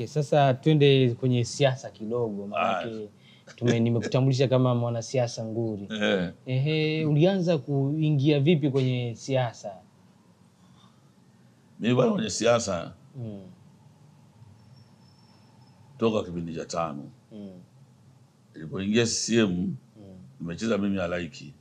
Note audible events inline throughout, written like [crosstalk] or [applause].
Okay, sasa twende kwenye siasa kidogo, maanake nimekutambulisha kama mwanasiasa nguri. Ehe, ehe, ulianza kuingia vipi kwenye siasa? Mimi bwana kwenye siasa mm. toka kipindi cha tano mm. nilipoingia mm. CCM nimecheza mm. mimi halaiki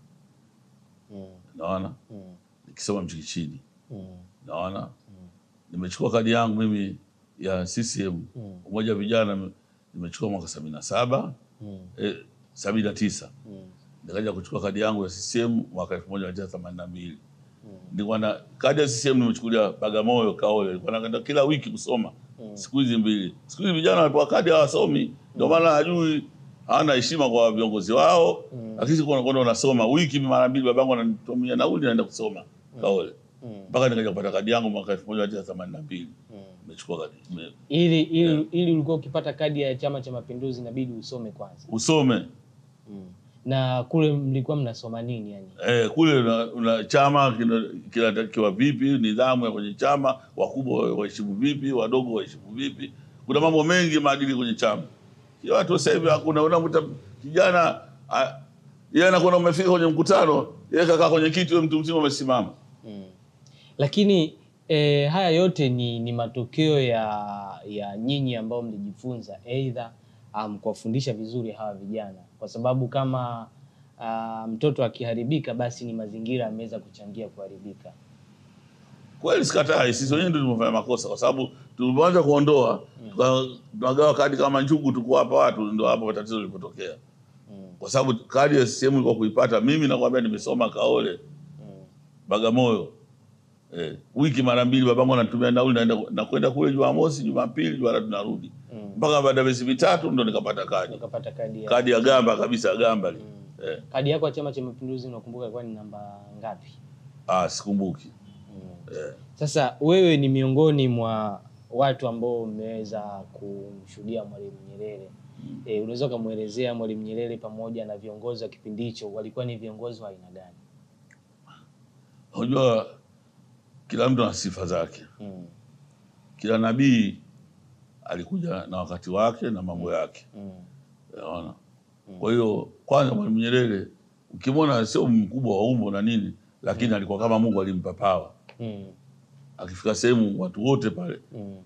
mm. naona mm. nikisoma mchikichini mm. naona mm. nimechukua kadi yangu mimi ya CCM mm. umoja wa vijana nimechukua mwaka sabini na saba mm. eh, sabini na tisa mm. nikaja kuchukua kadi yangu ya CCM mwaka elfu moja mia tisa themanini na mbili mm. nilikuwa na kadi ya CCM nimechukulia Bagamoyo Kaole, nilikuwa naenda kila wiki kusoma mm. siku hizi mbili. Siku hizi vijana wanapewa kadi hawasomi, ndio mm. maana hajui hana heshima kwa viongozi wao mm. lakini siku nakwenda unasoma wiki mara mbili, babangu ananitumia nauli naenda kusoma mm. Kaole hmm. mpaka mm. nikaja kupata kadi yangu mwaka elfu moja mia tisa themanini na mbili mm umechukua kadi nime, ili ili yeah. ili ulikuwa ukipata kadi ya Chama cha Mapinduzi inabidi usome kwanza, usome mm. na kule mlikuwa mnasoma nini yani? Eh, kule una, una chama kinatakiwa vipi, nidhamu ya kwenye chama, wakubwa waheshimu vipi, wadogo waheshimu vipi, kuna mambo mengi maadili kwenye chama. Kila watu sasa hivi hakuna, unakuta kijana yeye anakuwa umefika kwenye mkutano yeye kakaa kwenye kiti, wewe mtu mzima amesimama mm. lakini E, haya yote ni, ni matokeo ya, ya nyinyi ambao mlijifunza aidha um, kuwafundisha vizuri hawa vijana, kwa sababu kama uh, mtoto akiharibika basi ni mazingira ameweza kuchangia kuharibika. Kweli sikatai, sisi wenyewe ndio tumefanya makosa, kwa sababu tulipoanza kuondoa mm. tunagawa kadi kama njugu, tukuwapa watu, ndio hapo tatizo lilipotokea mm. kwa sababu kadi ya CCM ilikuwa kuipata, mimi nakwambia nimesoma Kaole mm. Bagamoyo Eh, wiki mara mbili babangu anatumia nauli naenda na kwenda kule Jumamosi, Jumapili, Jumatatu tunarudi. Mm. Mpaka mm. baada ya miezi mitatu ndo nikapata kadi. Nikapata kadi ya. Kadi ya gamba kabisa gamba. li. Mm. Eh. Kadi yako ya Chama cha Mapinduzi unakumbuka ilikuwa ni namba ngapi? Ah, sikumbuki. Mm. Eh. Sasa wewe ni miongoni mwa watu ambao umeweza kumshuhudia Mwalimu Nyerere. Mm. Eh, unaweza kumuelezea Mwalimu Nyerere pamoja na viongozi wa kipindi hicho walikuwa ni viongozi wa aina gani? Unajua kila mtu ana sifa zake mm. Kila nabii alikuja na wakati wake na mambo hmm. yake mm. Unaona mm. Kwa hiyo kwanza, Mwalimu Nyerere ukimwona sio mkubwa wa umbo na nini, lakini mm. alikuwa kama Mungu alimpa pawa mm. Akifika sehemu watu wote pale mm.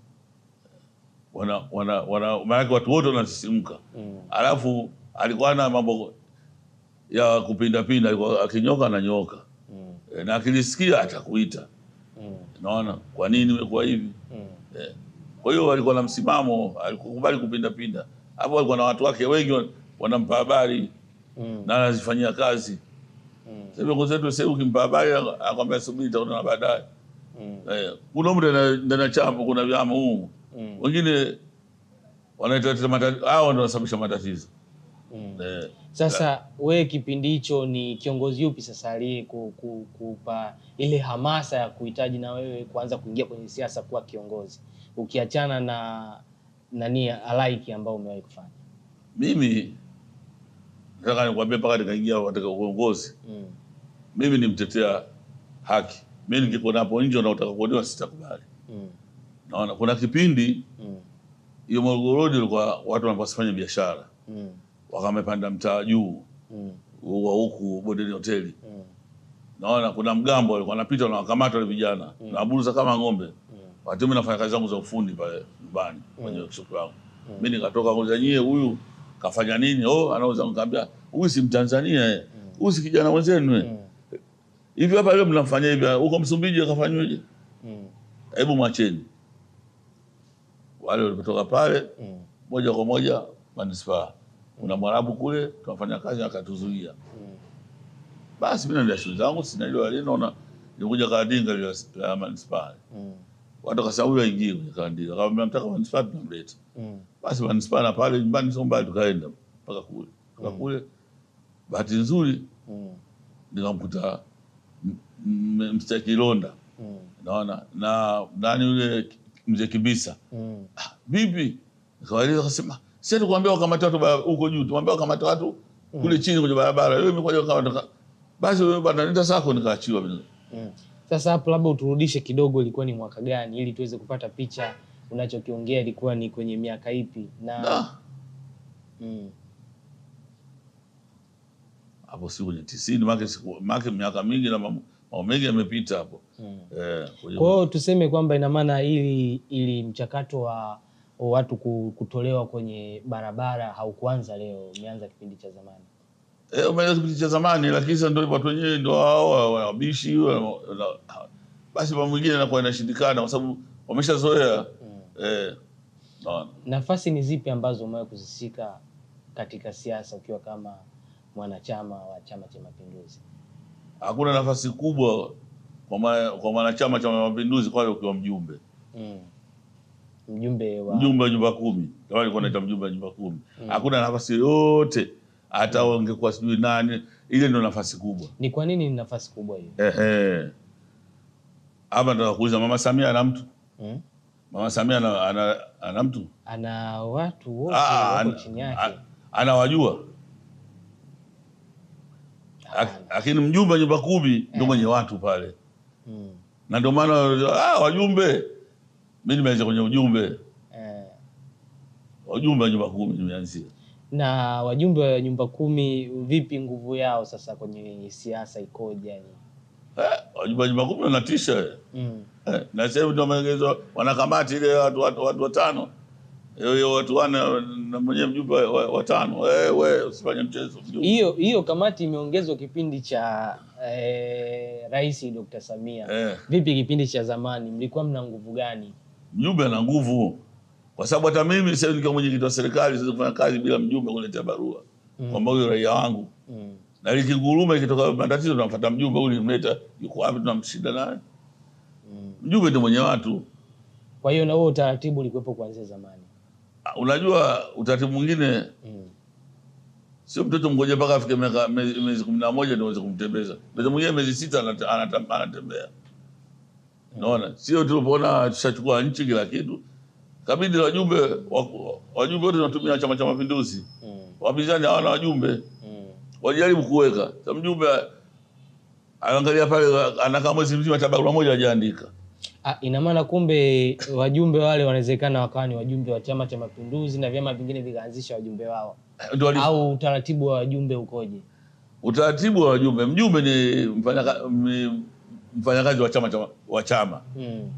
wana wana wana maana watu wote wanasisimka mm. Alafu alikuwa na mambo ya kupinda pinda, alikuwa akinyoka ananyoka mm. E, na akilisikia atakuita Unaona kwa nini imekuwa hivi? Mm. Eh. Kwa hiyo walikuwa na msimamo, alikubali kupindapinda hapo. Walikuwa na watu wake wengi wanampa habari mm. na anazifanyia kazi mm. Sasa kwa sababu sasa, ukimpa habari akwambia subiri, tutaona baadaye mm. Eh, kuna mtu ndani chama, kuna vyama huu mm. wengine matatizo, hao ndio wanasababisha matatizo. Mm. Eh, sasa wewe kipindi hicho ni kiongozi yupi sasa aliye kupa ile hamasa ya kuhitaji na wewe kuanza kuingia kwenye siasa kuwa kiongozi ukiachana na nani alaiki ambao umewahi kufanya? Mimi nataka nikwambie mpaka nikaingia katika uongozi mm. Mimi nimtetea haki. Mimi ningekuwa napo nje na utaka kuonewa sitakubali. Mm. Naona kuna kipindi mm. hiyo mm. Morogoro ilikuwa watu wanapasifanya biashara mm wakamepanda mtaa juu mm. wa huku bodeni hoteli mm. naona kuna mgambo alikuwa anapita na wakamata wale vijana mm. na buruza kama ng'ombe mm. wakati mimi nafanya kazi zangu za ufundi pale nyumbani mm. kwenye workshop yangu mm. mimi nikatoka ngoja nyie huyu kafanya nini oh anaweza nikamwambia huyu si mtanzania eh mm. huyu mm. si kijana wenzenu eh mm. hivi hapa leo mnamfanyia hivi huko Msumbiji akafanyaje mm. hebu mwacheni wale walipotoka pale mm. moja kwa moja manispaa una Mwarabu kule tunafanya kazi akatuzuia. Mm. Basi mimi naenda shule zangu sina ile wale naona nikuja kadinga ile la municipal. Mm. Watu huyo waingie kwenye kadinga. Kama mnamtaka municipal tunamleta. Mm. Basi municipal pale nyumbani sio mbali tukaenda mpaka kule. Mpaka mm. kule bahati nzuri mm. nikamkuta Kilonda. mm. naona na nani yule mzee Kibisa. Mm. Ah, bibi nikawaeleza akasema sisi tukwambia wakamata watu huko juu, tumwambia wakamata watu kule chini kwenye barabara. Leo imekuja wakamata. Basi wewe bwana nenda sako nikaachiwa mimi. Mm. Sasa hapo labda uturudishe kidogo, ilikuwa ni mwaka gani ili tuweze kupata picha unachokiongea ilikuwa ni kwenye miaka ipi? Na da. Mm. Hapo si kwenye tisini, maana maana miaka mingi na mambo mengi yamepita hapo. Mm. Eh, kwa hiyo tuseme kwamba ina maana ili ili mchakato wa watu kutolewa kwenye barabara haukuanza leo, umeanza kipindi cha zamani. E, umeanza kipindi cha zamani, lakini sasa ndio watu wenyewe ndio hao wabishi. Basi mambo mwingine anakuwa inashindikana kwa sababu wameshazoea. Mm. Eh, nafasi ni zipi ambazo umewahi kuzisika katika siasa ukiwa kama mwanachama wa Chama cha Mapinduzi? Hakuna nafasi kubwa kwa mwanachama cha Mapinduzi, kwale ukiwa mjumbe mm mjumbe wa mjumbe wa nyumba kumi, kama alikuwa anaita mm. mjumbe wa nyumba kumi. Mm. Hakuna nafasi yoyote hata mm. ungekuwa sijui nani, ile ndio nafasi kubwa. Ni kwa nini ni nafasi kubwa hiyo? Ehe, hapa nataka kuuliza mama Samia ana mtu mm. Mama Samia ana, ana, ana mtu ana watu wote ah, wako chini yake anawajua, lakini mjumbe wa nyumba kumi ndio eh. mwenye watu pale mm. na ndio maana ah, wajumbe mi nimeanzia kwenye ujumbe eh. Wajumbe wa nyumba kumi nimeanzia. Na wajumbe wa nyumba kumi, vipi nguvu yao sasa kwenye siasa ikoje? Yani eh, wajumbe wa nyumba kumi wanatisha mm. eh. Na sasa hivi tumeongezwa wanakamati ile watu watu watano hiyo watu wane na mwenyewe mjumbe watano. Wewe eh, usifanye mchezo. Hiyo hiyo kamati imeongezwa kipindi cha eh, Rais Dr. Samia eh. Vipi kipindi cha zamani mlikuwa mna nguvu gani? mjumbe ana nguvu, kwa sababu hata mimi sasa nikiwa mwenyekiti wa serikali siwezi kufanya kazi bila mjumbe kuniletea barua mm. kwamba huyo raia wangu mm. na liki ngurume ikitoka matatizo tunamfuata mjumbe huyu, nimleta yuko wapi, tunamshinda naye mm. mjumbe ndio mwenye watu. Kwa hiyo na wewe utaratibu ulikuwepo kuanzia zamani. Ah, unajua utaratibu mwingine mm. sio mtoto mgoje mpaka afike miezi kumi na moja ndio uweze kumtembeza. Mtoto mwingine miezi sita anatembea. anata, anata, anata, anata. Unaona, sio tulipoona tushachukua nchi kila kitu, kabidi wajumbe wajumbe wote tunatumia Chama cha Mapinduzi mm. Wapinzani hawana wajumbe mm. Wajaribu kuweka sa mjumbe anaangalia pale, anakaa mwezi mzima, tabakula moja hajaandika. Ah, ina maana kumbe wajumbe wale wanawezekana wakawa ni wajumbe wa Chama cha Mapinduzi na vyama vingine vikaanzisha wajumbe wao eh, Ndwali... au utaratibu wa wajumbe ukoje? Utaratibu wa wajumbe, mjumbe ni mfanya mfanyakazi wa chama chama wa chama mm.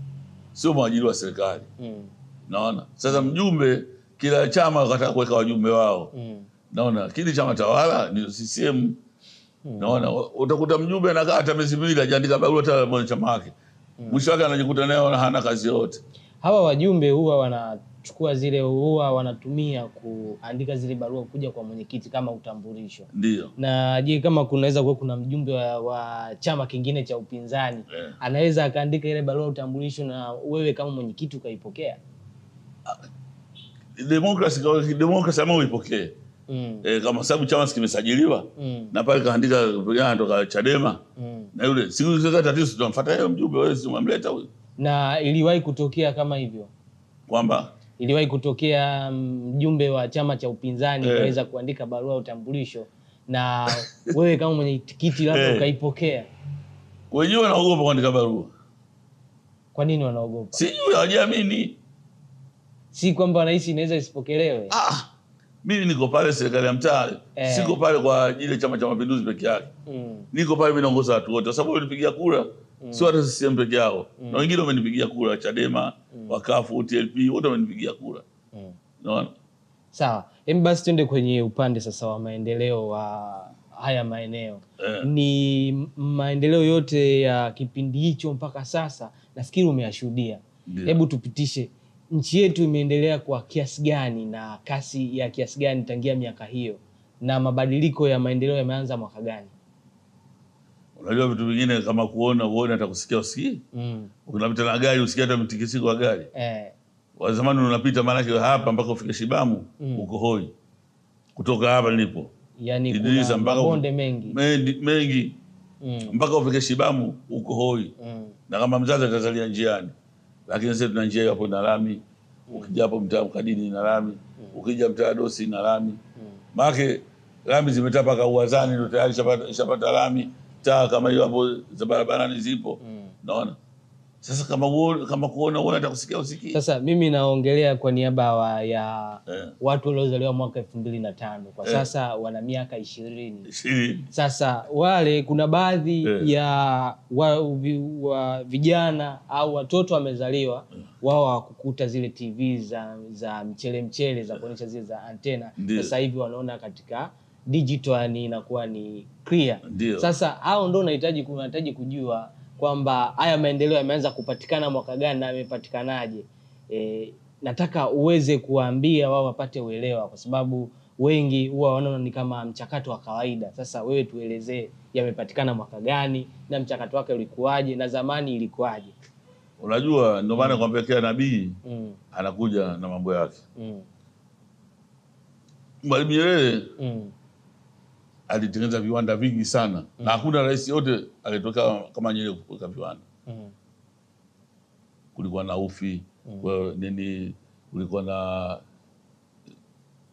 sio mwajiri wa serikali mm. naona sasa mjumbe kila chama wakataka kuweka wajumbe wao mm. naona kile chama tawala ni CCM mm. naona utakuta mjumbe anakaa hata miezi miwili ajaandika barua hata chama wake mm. mwisho mm. wake anajikuta naye hana kazi yoyote hawa wajumbe huwa wana kuchukua zile huwa wanatumia kuandika zile barua kuja kwa mwenyekiti kama utambulisho. Ndio. na je, kama kunaweza kuwa kuna mjumbe wa, wa chama kingine cha upinzani yeah. anaweza akaandika ile barua utambulisho na wewe kama mwenyekiti ukaipokea? Demokrasi demokrasi ama uipokee Mm. E, kama sababu chama kimesajiliwa mm. na pale kaandika vijana toka Chadema mm. na yule siku zote tatizo tunamfuata yeye mjumbe wewe si umemleta huyo. Na iliwahi kutokea kama hivyo kwamba iliwahi kutokea mm, mjumbe wa chama cha upinzani yeah. kaweza kuandika barua ya utambulisho na wewe kama mwenye tikiti labda yeah. ukaipokea. Wenyewe wanaogopa kuandika barua. Kwa nini wanaogopa? Sijui, hawajiamini. Si kwamba wanahisi inaweza isipokelewe. Ah, mimi niko pale serikali ya mtaa yeah. Siko pale kwa ajili ya Chama cha Mapinduzi peke yake mm. Niko pale, mimi naongoza watu wote, kwa sababu nilipigia kura mm. sio hata CCM peke yao mm. na wengine wamenipigia kura Chadema mm. wakafu TLP wote wamenipigia kura mm. unaona. Sawa, hebu yaani basi tuende kwenye upande sasa wa maendeleo wa haya maeneo yeah. Ni maendeleo yote ya kipindi hicho mpaka sasa nafikiri umeyashuhudia. Hebu yeah. tupitishe nchi yetu imeendelea kwa kiasi gani na kasi ya kiasi gani tangia miaka hiyo na mabadiliko ya maendeleo yameanza mwaka gani? Unajua vitu vingine kama kuona uone, hata kusikia usikii. Mm. Unapita na gari usikia hata mtikisiko wa gari eh. Wazamani unapita maanake hapa mpaka ufike Shibamu mm. uko hoi kutoka hapa nilipo yani kuna mabonde mengi mengi, mengi. Mm. mpaka ufike Shibamu uko hoi mm. na kama mzazi atazalia njiani, lakini sasa tuna njia hapo na lami mm. ukija hapo mtaa mkadini na lami mm. ukija mtaa dosi na mm. lami mm. maana lami zimetapaka uwazani ndio tayari shapata, shapata lami taa kama hiyo hapo za barabarani zipo mm. naona sasa kama uone, kama kuona uone kusikia usikie. Sasa mimi naongelea kwa niaba ya yeah. watu waliozaliwa mwaka 2005 mbili na kwa yeah. sasa wana miaka 20. sasa wale kuna baadhi yeah. ya wa, vi, wa vijana au watoto wamezaliwa yeah. wao hawakukuta zile TV za, za mchele mchele za eh. kuonyesha zile za antena, sasa hivi wanaona katika digital ni inakuwa ni clear. Ndiyo. Sasa hao ndo unahitaji unahitaji kujua kwamba haya maendeleo yameanza kupatikana mwaka gani na yamepatikanaje. E, nataka uweze kuwaambia wao wapate uelewa, kwa sababu wengi huwa wanaona ni kama mchakato wa kawaida. Sasa wewe tuelezee yamepatikana mwaka gani na mchakato wake ulikuwaje na zamani ilikuwaje? Unajua, ndio maana mm. kwambia kila nabii mm. anakuja na mambo yake mm. Mwalimu Nyerere mm alitengeneza viwanda vingi sana mm na hakuna rais yote alitoka kama Nyerere kuweka viwanda mm kulikuwa na ufi mm kwa nini, kulikuwa na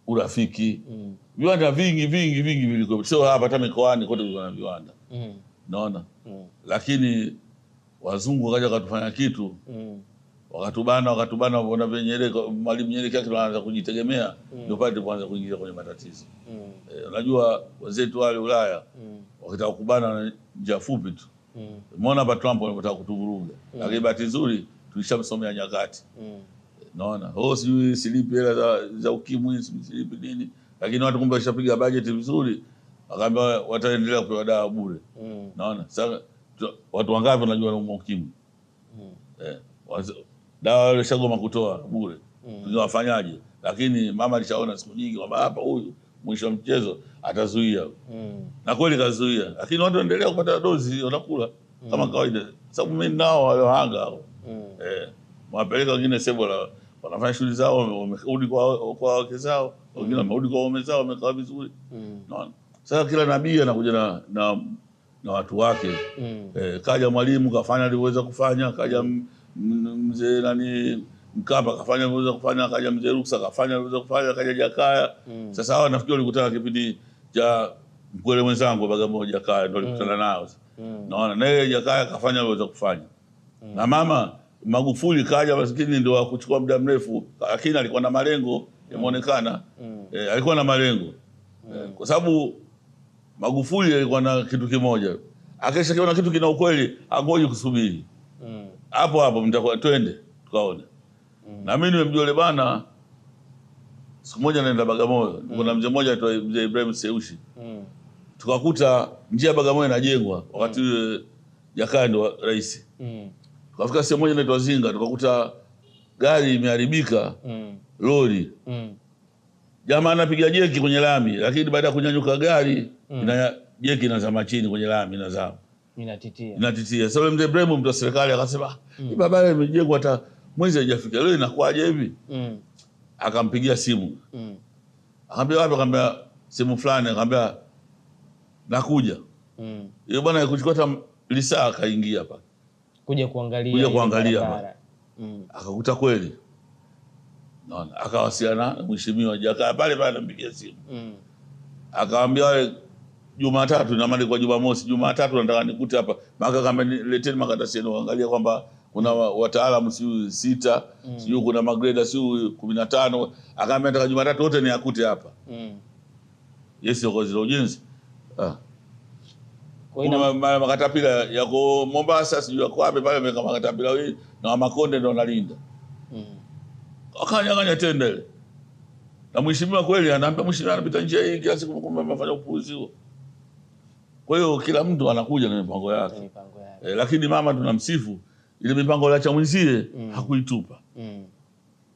urafiki mm viwanda vingi vingi vingi vilikuwa, sio hapa, hata mikoani kote kulikuwa na viwanda mm naona mm lakini wazungu wakaja wakatufanya kitu mm wakatubana wakatubana, waona vile Nyerere, Mwalimu Nyerere yake anaanza kujitegemea, mm. ndio pale tulipoanza kuingia kwenye matatizo. mm. E, Unajua wenzetu wale Ulaya mm. wakitaka kubana na njia fupi tu, mm. umeona hapa Trump anataka kutuvuruga, mm. lakini bahati nzuri tulishamsomea nyakati. mm. Naona ho oh, sijui silipi hela za, za ukimwi silipi nini, lakini watu kumbe washapiga bajeti vizuri, akaambia wataendelea kupewa dawa bure. mm. Naona sasa watu wangapi wanajua na ukimwi mm. e, dawa walishagoma kutoa bure, mm. tungewafanyaje? Lakini mama alishaona siku nyingi kwamba hapa huyu mwisho wa mchezo atazuia mm. na kweli kazuia, lakini watu waendelea kupata dozi, wanakula mm. kama kawaida, sababu mimi nao waliohanga hao mm. eh, wapeleka wengine sebo la wanafanya shughuli zao, wamerudi kwa kwa wake zao, wengine mm. wamerudi kwa waume zao, wamekaa vizuri mm. naona sasa kila nabii anakuja na, na na watu wake mm. eh, kaja mwalimu kafanya aliweza kufanya, kaja mm mzee nani Mkapa kafanya aliweza kufanya, akaja mzee Ruksa kafanya aliweza kufanya, akaja Jakaya mm. Sasa hawa nafikiri walikutana kipindi cha mkwele mwenzangu Bagamoyo, Jakaya ndio alikutana mm. nao mm. naona naye Jakaya kafanya aliweza kufanya mm. na mama Magufuli kaja maskini, ndio akuchukua muda mrefu, lakini alikuwa na malengo yameonekana mm. mm. E, alikuwa na malengo mm. E, kwa sababu Magufuli alikuwa na kitu kimoja, akishakiona kitu kina ukweli angoji kusubiri hapo hapo mtakuwa twende tukaone. Mm. Na mimi nimemjua yule bana, siku moja naenda Bagamoyo, mm. kuna mzee mmoja aitwa mzee Ibrahim Seushi. Mm. Tukakuta njia ya Bagamoyo inajengwa mm. wakati mm. Jakaya ndo rais. Mm. Tukafika sehemu moja inaitwa Zinga, tukakuta gari imeharibika, mm. lori. Mm. Jamaa anapiga jeki kwenye lami, lakini baada ya kunyanyuka gari mm. ina jeki inazama chini kwenye lami inazama inatitia, inatitia. Sasa mzee Ibrahimu mtu wa serikali akasema mm. hii barabara imejengwa hata mwezi haijafika, leo inakuaje hivi? mm. akampigia simu mm. akaambia wapi? Akaambia simu fulani, akaambia nakuja. mm. yule bwana hakuchukua hata lisaa, akaingia hapa kuja kuangalia, kuja kuangalia hapa mm. akakuta kweli Naona akawasiliana mheshimiwa Jakaya pale pale, anampigia simu mm. akamwambia wale Jumatatu na maana kwa Jumamosi, Jumatatu nataka nikute hapa maka kama nileteni makaratasi yenu, angalia kwamba kuna wataalamu si sita mm. si kuna magreda si 15. na Akaambia nataka Jumatatu wote niakute hapa mm. Yesi kwa zile ujenzi ah. Kwa ina Makatapila yako Mombasa, si yako wapi pale, meka makatapila wewe na Makonde ndo nalinda. mm. akanyang'anya tenda ile na mheshimiwa kweli anaambia, mheshimiwa anapita njia hii kila siku, kumbe amefanya upuuzi huo. Kwa hiyo kila mtu anakuja na mipango yake e, lakini mama tunamsifu ile mipango ya mwenzie mm. hakuitupa mm.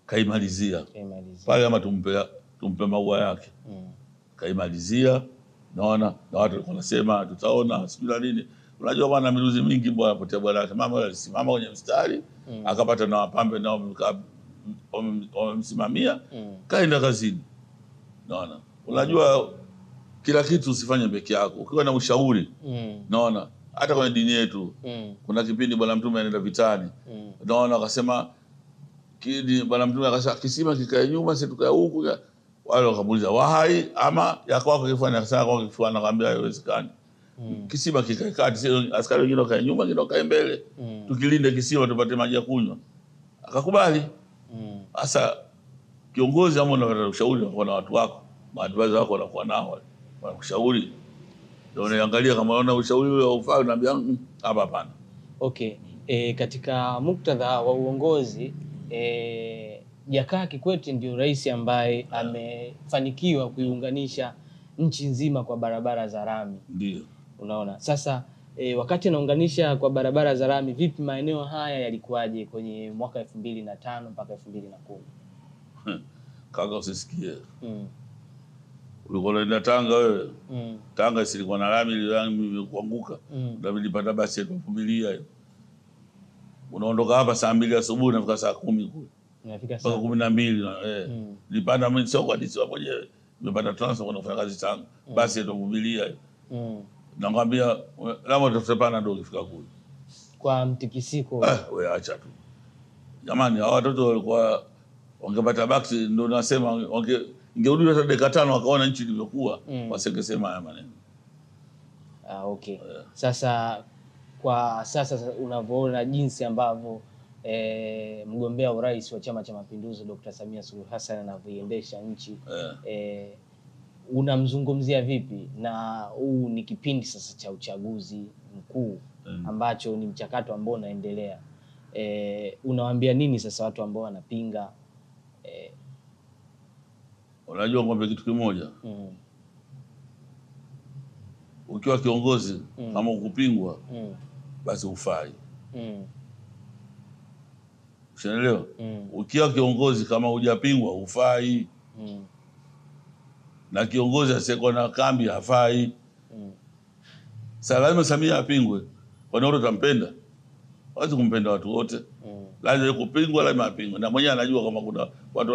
kaimalizia, kaimalizia. Pale ama tumpe, tumpe maua yake mm. kaimalizia naona na watu walikuwa nasema tutaona sijui na nini. Unajua bwana, miruzi mingi mbwa anapotea bwana yake. Mama alisimama kwenye mstari mm. akapata na wapambe nao wamemsimamia mm. kaenda kazini. Naona unajua mm kila kitu usifanye peke yako, ukiwa na ushauri mm. naona hata kwenye dini yetu mm. kuna kipindi Bwana Mtume anaenda vitani mm. naona akasema kidi Bwana Mtume akasema kisima kikae nyuma, sisi tukae huku. Wale wakamuuliza wahai ama ya kwako kifani? Akasema yako kifani, akamwambia haiwezekani mm. kisima kikae kati, sisi askari wengine wakae nyuma, wengine wakae mbele mm. tukilinde kisima tupate maji ya kunywa. Akakubali mm. sasa mm. kiongozi, ama unaweza ushauri na watu wako, maadvisor wako wanakuwa nao wale wanakushauri ndio naangalia kama unaona ushauri ule haufai, unaambia hapa hapana. Okay. E, katika muktadha wa uongozi e, Jakaya Kikwete ndio rais ambaye amefanikiwa kuiunganisha nchi nzima kwa barabara za rami. Ndio. Unaona sasa e, wakati anaunganisha kwa barabara za rami, vipi maeneo haya yalikuwaje kwenye mwaka elfu mbili na tano mpaka elfu mbili na kumi? [laughs] Kaka usisikie. Mm ulikuwa unaenda Tanga wewe mm. Tanga silikuwa na lami, lami imekuanguka mm. Nilipata basi tuvumilia, unaondoka hapa saa mbili asubuhi nafika saa kumi kule mpaka kumi na mbili eh. Mm. Nilipanda mimi soko hadi sio mwenyewe nimepata transfer kwenda kufanya kazi Tanga mm. Basi tuvumilia mm. Nakwambia lama tutasepana ndo ukifika kule kwa mtikisiko ah, we acha tu jamani, hawa watoto walikuwa wangepata baksi, ndo nasema wange ingerudi hata dakika tano akaona nchi ilivyokuwa mm. wasingesema haya maneno. Ah, okay. Yeah. Sasa kwa sasa unavyoona jinsi ambavyo e, mgombea urais wa Chama cha Mapinduzi Dr. Samia Suluhu Hassan anavyoiendesha nchi yeah. e, unamzungumzia vipi? Na huu ni kipindi sasa cha uchaguzi mkuu mm. ambacho ni mchakato ambao unaendelea. E, unawaambia nini sasa watu ambao wanapinga e, Unajua kwamba kitu kimoja mm. ukiwa kiongozi mm. kama ukupingwa mm. basi ufai mm. mm. ukiwa kiongozi kama hujapingwa ufai mm. na kiongozi asiyekuwa na kambi hafai mm. Sasa lazima Samia apingwe, kwani wote utampenda? Hawezi kumpenda watu wote mm. lazima kupingwa, lazima apingwe, na mwenyewe anajua kama kuna watu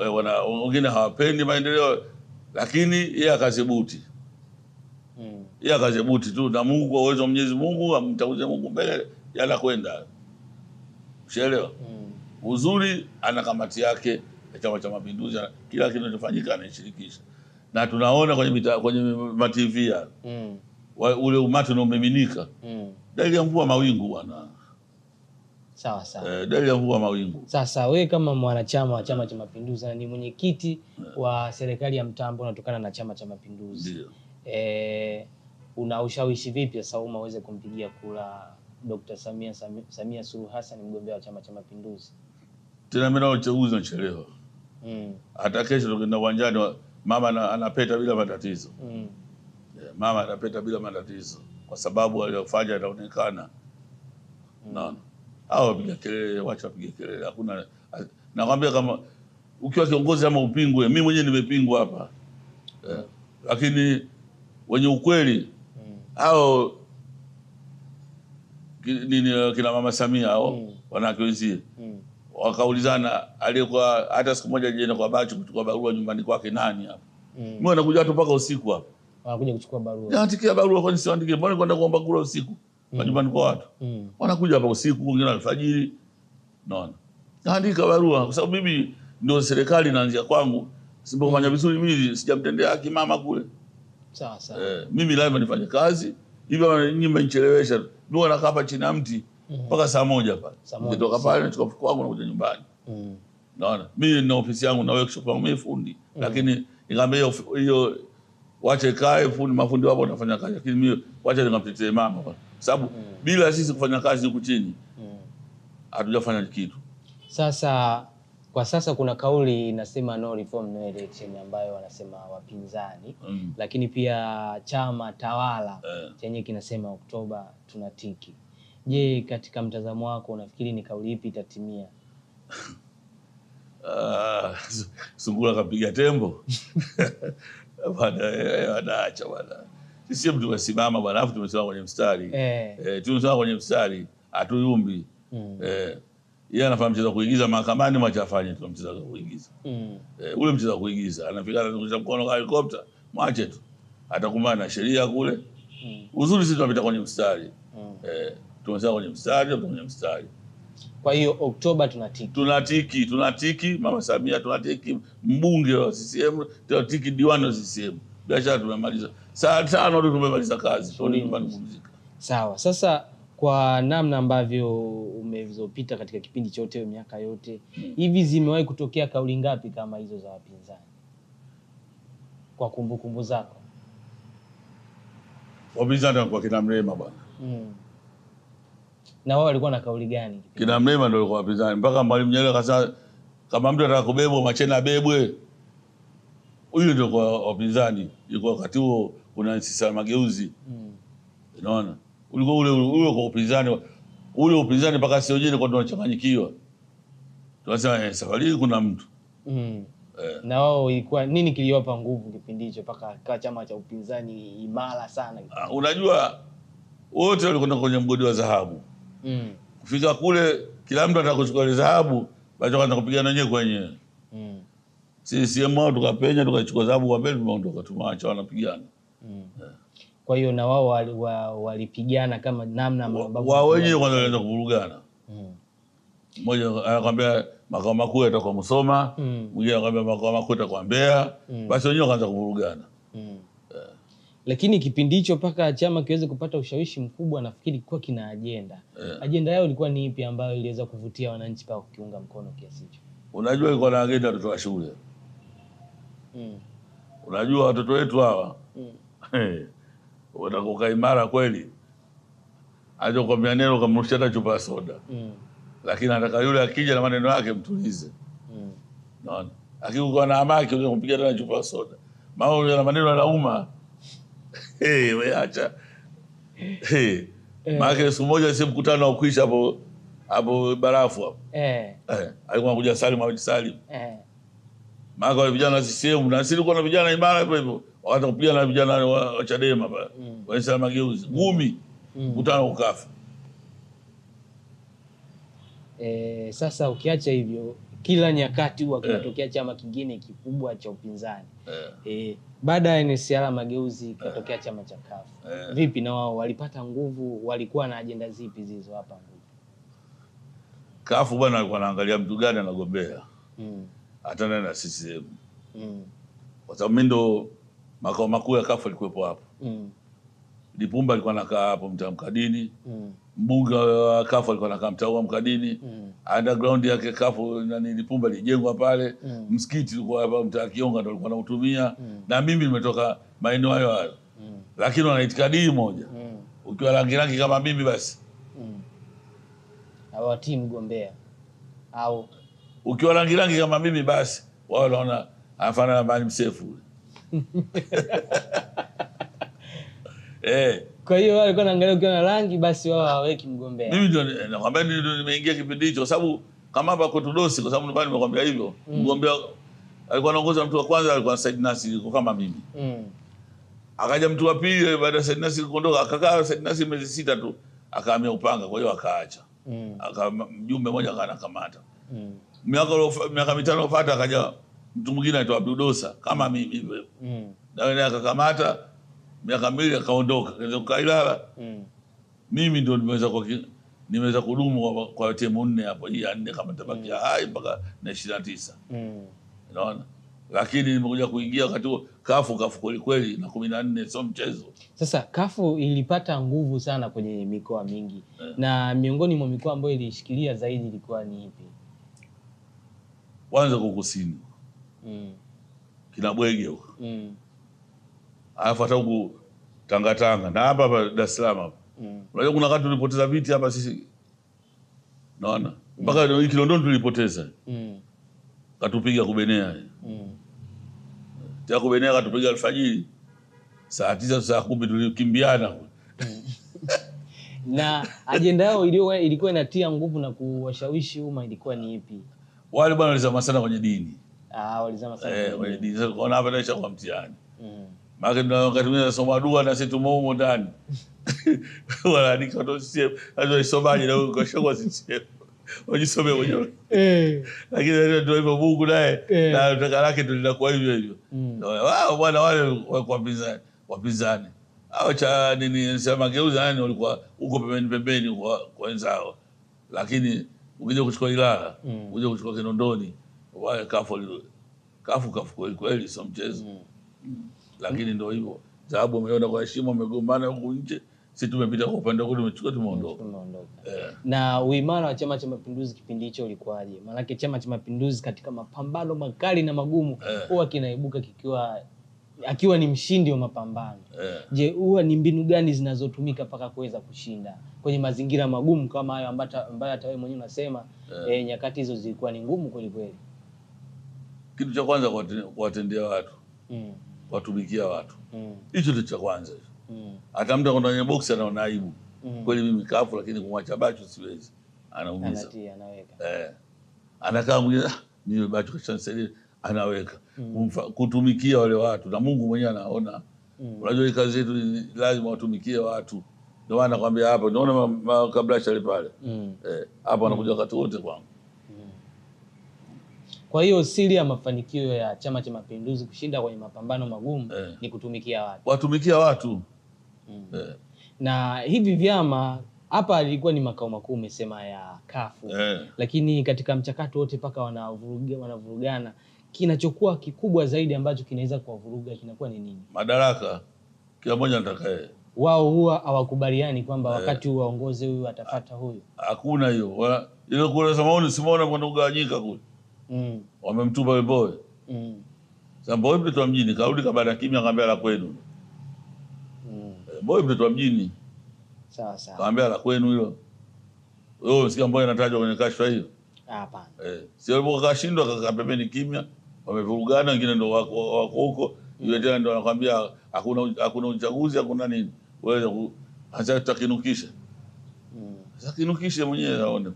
Eh, wana wengine hawapendi maendeleo, lakini yeye akazibuti mm. yeye akazibuti tu na Mungu kwa uwezo wa Mwenyezi Mungu amtangulize Mungu mbele kwenda ushaelewa mm. uzuri, ana kamati yake ya Chama cha Mapinduzi, kila kinachofanyika anaishirikisha, na tunaona kwenye mita, kwenye matv mm. ule umati unaomiminika mm. dalili ya mvua mawingu bwana sawa sawa. E, eh, Delia huwa mawingu. Sasa wewe kama mwanachama wa Chama cha Mapinduzi na ni mwenyekiti wa serikali ya mtaa ambao unatokana na Chama cha Mapinduzi, ndio eh, una ushawishi vipi sasa umma uweze kumpigia kura Dr. Samia Samia, Samia Suluhu Hassan mgombea wa Chama cha Mapinduzi? Tena mimi na uchaguzi nachelewa. Mm. Hata kesho tukienda uwanjani mama anapeta bila matatizo. Mm. Eh, mama anapeta bila matatizo kwa sababu aliyofanya inaonekana. Mm. Naona hao wapiga kelele, wacha wapiga kelele, hakuna. Nakwambia kama ukiwa kiongozi ama upingwe, mimi mwenyewe nimepingwa hapa eh, lakini wenye ukweli hmm. hao nini, kina mama Samia hao mm. wanawake wenzie mm. wakaulizana, aliyekuwa hata siku moja jene kwa Bachu kuchukua barua nyumbani kwake nani hapa mm. mimi wanakuja watu mpaka usiku hapa wanakuja kuchukua barua, naandikia barua kwani siandike, mbona kwenda kuomba kura usiku majumbani kwa watu mm. mm. wanakuja hapa usiku, wengine alfajiri. Naona naandika barua, kwa sababu mimi ndio serikali inaanzia kwangu. Sipofanya mm. vizuri mimi sijamtendea haki mama kule. Sawa sawa. Eh, mimi lazima nifanye kazi hivyo, nyinyi mmenichelewesha. Ndio nakaa hapa chini ya mti mm. mpaka mm. saa moja pale, nikitoka pale nachukua mfuko wangu nakuja nyumbani mm. Naona mimi na ofisi yangu na workshop yangu, mimi fundi mm. lakini nikamwambia hiyo wache kae, fundi mafundi wapo wanafanya kazi, lakini mimi wacha nikamtetee mama kwa sababu mm. bila sisi kufanya kazi huku chini mm. hatujafanya mm. kitu. Sasa kwa sasa kuna kauli inasema no reform no election ambayo wanasema wapinzani mm. lakini pia chama tawala eh. kinasema Oktoba tunatiki. Je, katika mtazamo wako unafikiri ni kauli ipi itatimia? [laughs] Ah, sungura kapiga tembo. Baada ya acha sisi tumesimama bwana, afu tumesimama kwenye mstari eh. Eh, tumesimama kwenye mstari hatuyumbi mm. eh, yeye anafanya mchezo kuigiza mahakamani, mwacha afanye tu mchezo wa kuigiza mm. eh, ule mchezo wa kuigiza anafika anazungusha mkono kwa helikopta, mwache tu, atakumbana na sheria kule mm. Uzuri sisi tunapita kwenye mstari mm. eh, tumesimama kwenye mstari, tupo kwenye mstari. Kwa hiyo Oktoba tunatiki, tunatiki, tunatiki mama Samia, tunatiki mbunge wa CCM, tunatiki diwani wa CCM, biashara tumemaliza saa tano ndio tumemaliza kazi, so ni nyumbani kupumzika. Sawa. Sasa kwa namna ambavyo umezopita katika kipindi chote miaka yote hmm. hivi, hmm, zimewahi kutokea kauli ngapi kama hizo za wapinzani kwa kumbukumbu kumbu zako? Wapinzani walikuwa kina Mrema bwana, hmm. na wao walikuwa na kauli gani? Kina Mrema ndio walikuwa wapinzani mpaka Mwalimu Nyerere kasa, kama mtu anataka kubebwa machena abebwe. Huyu ndio kwa wapinzani ilikuwa wakati huo kuna sisa mageuzi mm. Unaona, ulikuwa ule ule kwa upinzani ule upinzani mpaka sio jini kwa tunachanganyikiwa, tunasema eh, safari hii kuna mtu mm. Eh. Na wao ilikuwa nini kiliwapa nguvu kipindi hicho mpaka kwa chama cha upinzani imara sana? Uh, unajua wote walikwenda kwenye mgodi wa dhahabu mm. Kufika kule kila mtu atakuchukua ile dhahabu, bado kwanza kupigana wenyewe kwenye wenyewe mm. sisi wao tukapenya tukachukua dhahabu kwa mbele, tumeondoka, tumewacha wanapigana kwa hiyo na wao walipigana wa, wa kama namna ambavyo wao wenyewe kwanza walianza kuvurugana. Mm. Mmoja mm. anakwambia makao makuu yatakuwa Musoma, mm. mwingine mm. anakwambia makao makuu yatakuwa Mbeya, mm. basi wenyewe wakaanza kuvurugana. Mm. Eh. Lakini kipindi hicho mpaka chama kiweze kupata ushawishi mkubwa, nafikiri kuwa kina ajenda yeah. Ajenda yao ilikuwa ni ipi ambayo iliweza kuvutia wananchi mpaka kukiunga mkono kiasi hicho? Unajua ilikuwa na agenda watoto wa shule mm. Unajua watoto wetu hawa mm utakoka eh, imara kweli, achokwambia neno ukamrusha hata chupa ya soda mm. Lakini nataka yule akija na maneno yake mtulize mm. Naona lakini na amaki kumpiga tena chupa ya soda, maana na maneno yanauma hey, [laughs] eh, weacha hey. Eh, maana siku moja si mkutano wa kuisha hapo hapo barafu hapo eh, eh, alikuwa anakuja Salim Ahmed Salim eh, maana vijana CCM na sisi tulikuwa na vijana imara hivyo hivyo watakupiga na vijana wa Chadema pale mm. Waislamu mageuzi ngumi mm. utana ukafa. E, eh, sasa ukiacha hivyo kila nyakati huwa eh. kinatokea yeah. chama kingine kikubwa cha upinzani yeah. e, eh, baada ya NCCR Mageuzi kitokea yeah. chama cha CUF yeah. Vipi na wao walipata nguvu, walikuwa na ajenda zipi zilizowapa nguvu? CUF bwana alikuwa anaangalia mtu gani anagombea mm. hata na CCM mm. kwa sababu mimi ndo makao makuu ya kafu alikuwepo hapo mm. Lipumba alikuwa nakaa hapo mtaa Mkadini mm. mbunge wa kafu alikuwa nakaa mtaa wa Mkadini mm. underground yake kafu nani Lipumba ilijengwa pale mm. msikiti ulikuwa hapa mtaa Kionga ndo alikuwa nautumia mm. na mimi nimetoka maeneo hayo hayo mm. lakini wana itikadi moja mm. ukiwa rangi rangi kama mimi basi mm. hawatii mgombea au ukiwa rangi rangi kama mimi basi wao wanaona afana na Maalim Seif [laughs] eh. Kwa hiyo wale walikuwa naangalia ukiwa na rangi basi wao hawaweki mgombea. Mimi ndio eh, nakwambia ndio nimeingia kipindi hicho kwa sababu kama hapa kwetu Dosi kwa sababu nilikuwa nimekwambia hivyo. Mm. Mgombea alikuwa anaongoza mtu wa kwanza alikuwa Said Nasir kama mimi. Mm. Akaja mtu wa pili baada ya Said Nasir kuondoka akakaa Said Nasir miezi sita tu akaamia Upanga kwa hiyo akaacha. Mm. Aka mjumbe mmoja akanakamata. Mm. Miaka miaka mitano ufuata akaja mtu mwingine anaitwa Abdudosa kama mimi mm. wewe akakamata miaka miwili akaondoka kailala mm. mimi ndo nimeweza kwa nimeweza kudumu kwa, kwa timu nne hapo, hii ya nne kama tabaki mm. hai mpaka na 29 mm. unaona lakini nimekuja kuingia wakati huo kafu kafu kweli kweli, na kumi na nne sio mchezo. Sasa kafu ilipata nguvu sana kwenye mikoa mingi yeah. na miongoni mwa mikoa ambayo ilishikilia zaidi ilikuwa ni ipi? Kwanza kukusini mm. kina Bwege huko mm. alafu hata huku Tanga Tanga na hapa hapa Dar es Salaam hapa mm. unajua kuna wakati tulipoteza viti hapa sisi, naona mm. mpaka mm. Kinondoni tulipoteza mm. katupiga kubenea mm. tia kubenea katupiga alfajiri saa tisa saa kumi tulikimbiana mm. [laughs] na ajenda yao ilikuwa inatia nguvu na kuwashawishi umma ilikuwa ni ipi? Wale bwana walizama sana kwenye dini Ah, Eh, kwa mtihani. Mm. Maana dua na sisi tumo [laughs] huko ndani. sisi na kwa sisi. Wajisome wenyewe. Eh. Lakini ndio hivyo Mungu naye eh. na lake hivyo hivyo. Mm. Wao bwana wale wapinzani. Hao cha nini geuza yani walikuwa huko pembeni pembeni kwa wenzao. Lakini ukija kuchukua Ilala, mm. ukija kuchukua Kinondoni, wale kafu kafu kafu kweli kweli, sio mchezo mm. mm. Lakini ndio hivyo sababu ameona kwa heshima, amegombana huku nje, si tumepita kwa upande wako, tumechukua tumeondoka. yeah. Eh. Na uimara wa Chama cha Mapinduzi kipindi hicho ulikuwaje? Maanake Chama cha Mapinduzi katika mapambano makali na magumu eh. huwa yeah. kinaibuka kikiwa akiwa ni mshindi wa mapambano yeah. Je, huwa ni mbinu gani zinazotumika mpaka kuweza kushinda kwenye mazingira magumu kama hayo ambayo hata wewe mwenyewe unasema yeah. E, eh, nyakati hizo zilikuwa ni ngumu kweli kweli kitu cha kwanza kuwatendea watu mm. kuwatumikia watu mm. hicho mm. cha kwanza hata mtu akwenda kwenye boksi anaona aibu mm. kweli mimi kafu, lakini kumwacha bacho siwezi, anaumiza eh, anakaa mwingine niwe ah, bacho kashanisaidia, anaweka mm. kutumikia wale watu na Mungu mwenyewe anaona mm. unajua hii kazi yetu lazima watumikie watu, ndio maana nakwambia hapa, naona makabrasha pale mm. eh, hapa mm. anakuja wakati wote kwangu kwa hiyo siri ya mafanikio ya Chama cha Mapinduzi kushinda kwenye mapambano magumu eh, ni kutumikia watu, watumikia watu mm. eh. na hivi vyama hapa ilikuwa ni makao makuu umesema ya kafu eh, lakini katika mchakato wote mpaka wanavuruga, wanavurugana kinachokuwa kikubwa zaidi ambacho kinaweza kuwavuruga kinakuwa ni nini? Madaraka, kila mmoja anataka Wao huwa hawakubaliani kwamba eh, wakati waongoze huyu atafuata huyu, hakuna hiyo. Ile kura za maoni simaona kugawanyika kule mm. wamemtuma yule boy mm. Sasa boy mtoto wa mjini karudi kabada kimya, kaambia la kwenu mm. boy mtoto wa mjini sawa sawa, kaambia la kwenu hilo. Wewe unasikia mbona inatajwa kwenye kashfa hiyo? Hapana eh, sio boka kashindwa, kaka pembeni kimya, wamevurugana, wengine ndo wako wako huko mm. yule tena ndio anakuambia hakuna hakuna uchaguzi hakuna nini, wewe hasa tutakinukisha mm. sasa kinukisha mwenyewe aone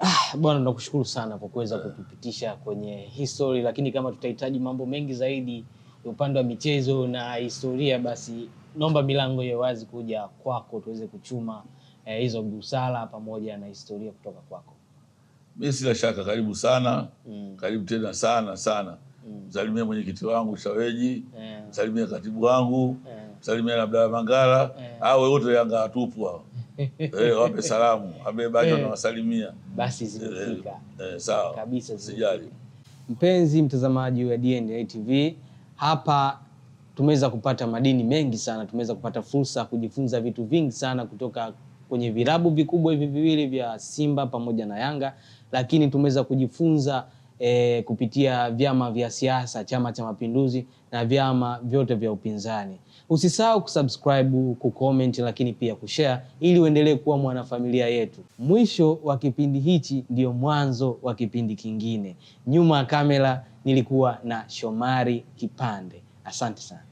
Ah, bwana nakushukuru sana kwa kuweza kutupitisha kwenye history, lakini kama tutahitaji mambo mengi zaidi upande wa michezo na historia, basi naomba milango iwe wazi kuja kwako tuweze kuchuma eh, hizo busara pamoja na historia kutoka kwako. Mimi sina shaka, karibu sana mm. Karibu tena sana sana mm. Msalimie mwenyekiti wangu Shaweji yeah. salimia katibu wangu yeah. na Abdalla Mangala yeah. Au wote Yanga hatupu hao eh, [laughs] wape salamu ambaye eh. bado anawasalimia basi zimefika. Eh, eh, sawa kabisa, sijali. Mpenzi mtazamaji wa dna TV, hapa tumeweza kupata madini mengi sana, tumeweza kupata fursa ya kujifunza vitu vingi sana kutoka kwenye virabu vikubwa hivi viwili vya Simba pamoja na Yanga, lakini tumeweza kujifunza e, kupitia vyama vya siasa, Chama cha Mapinduzi na vyama vyote vya upinzani. Usisahau kusubscribe, kucomment, lakini pia kushare ili uendelee kuwa mwanafamilia yetu. Mwisho wa kipindi hichi ndio mwanzo wa kipindi kingine. Nyuma ya kamera nilikuwa na Shomari Kipande. Asante sana.